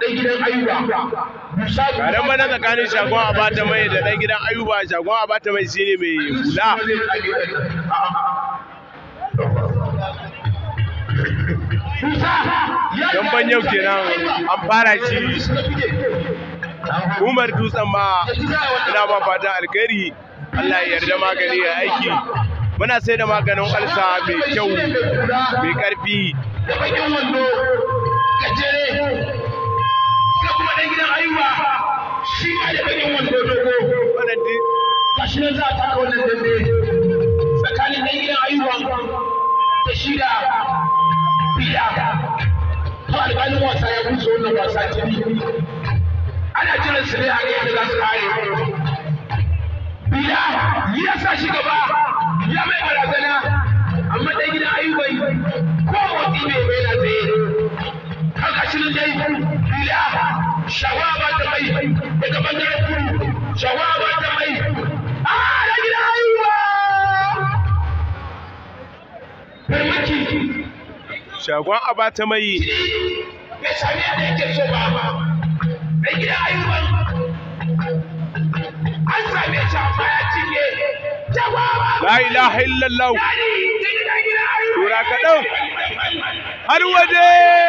dan gidan ayuba bana tsakanin shagon bata mai da ɗan gidan ayuba shagon bata mai shine mai hula. ban yau kenan an fara shi Umar Dutsen ma ina ba fatan alkhairi Allah ya yarda magani ya aiki muna sai da maganin alsa mai kyau mai karfi dan gidan ayuba shi ma da bakin wando dogo gashi nan za a taka wannan dambe tsakanin dan gidan ayuba da shi da biya to alƙalin wasa ya kusa wannan wasa tv ana jiran su ne a ga yadda za su kare biya ya sa shi gaba ya mai shawaba ta mai daga bangaren mai a da gida haihuwa farmaki shagon aba ta mai bai sami yadda yake so ba mai gida haihuwa shi ya cinye la ilaha illallah kaɗan har waje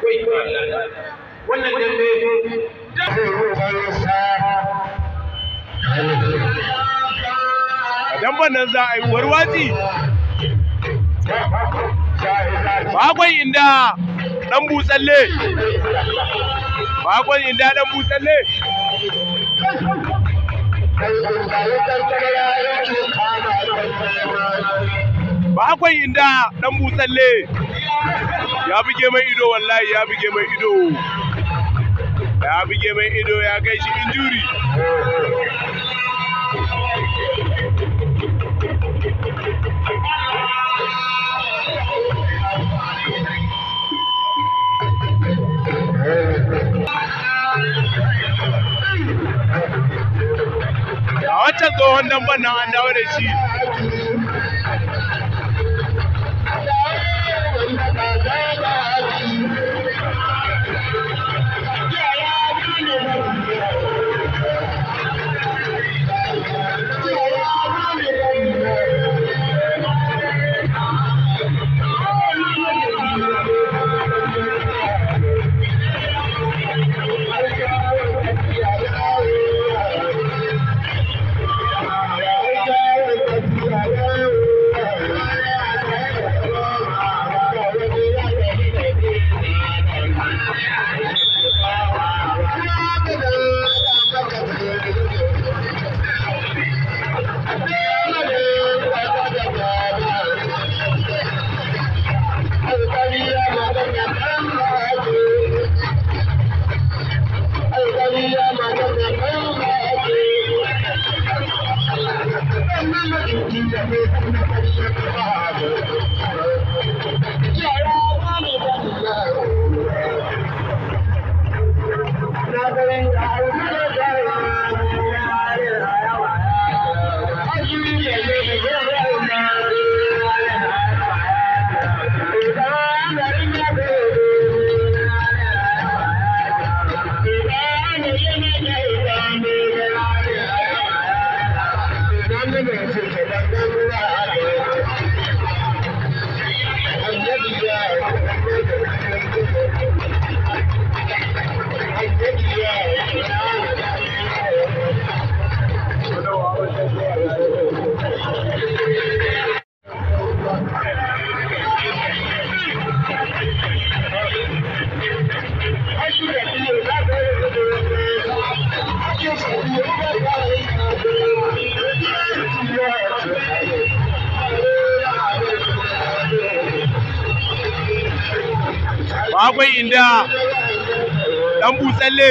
koyi koyi wannan dambe da damban nan za a yi warwaji bakon inda dan butsalle bakon inda dan butsalle bakon inda dan butsalle ya buge mai ido wallahi ya buge mai ido ya buge mai ido ya kai shi injuri a wancan tsohon damban nan an dawo da shi Thank you. akwai inda dan butsalle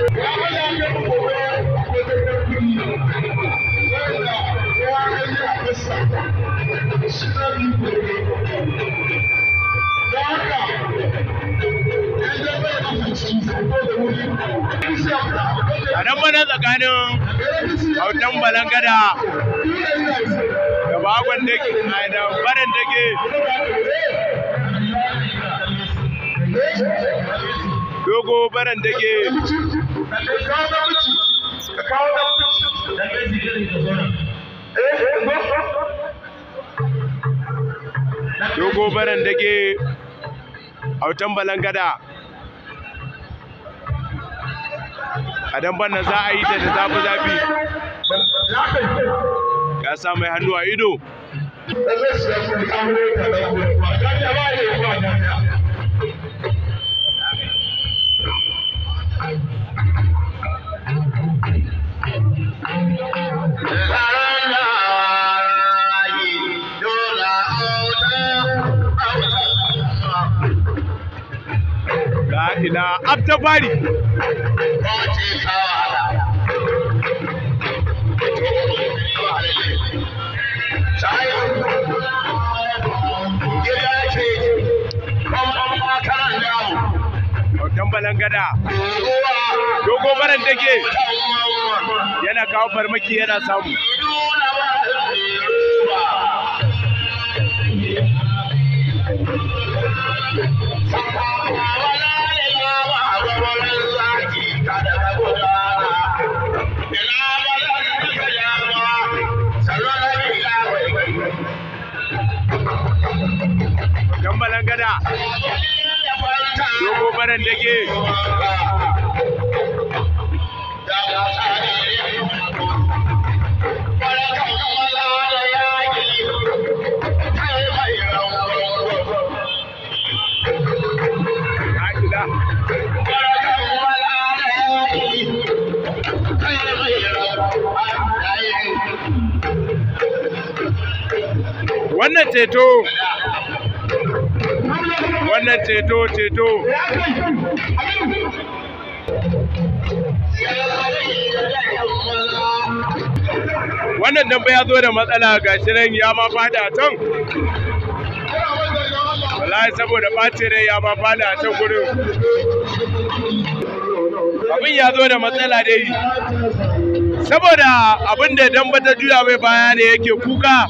Kadan bana tsakanin hautan balangada da bakon dake da barin dake dogo barin dake dogo barin dake hautan balangada a damban nan za a yi ta da zafi zafi ya sa mai hannu a ido ta bari balangada, dogo baran take yana kawo farmaki yana samu. Thank you. gambalan gada dogo baran dage wannan ceto wannan ceto ceto wannan dan ya zo da matsala ga shirin ya ma fada can wallahi saboda ɓace rai ya ma fada can gurin abin ya zo da matsala dai saboda abin da damba ta juya mai baya ne yake kuka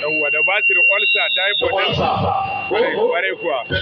yawwa da basir olsa typhoid kwarai kuwa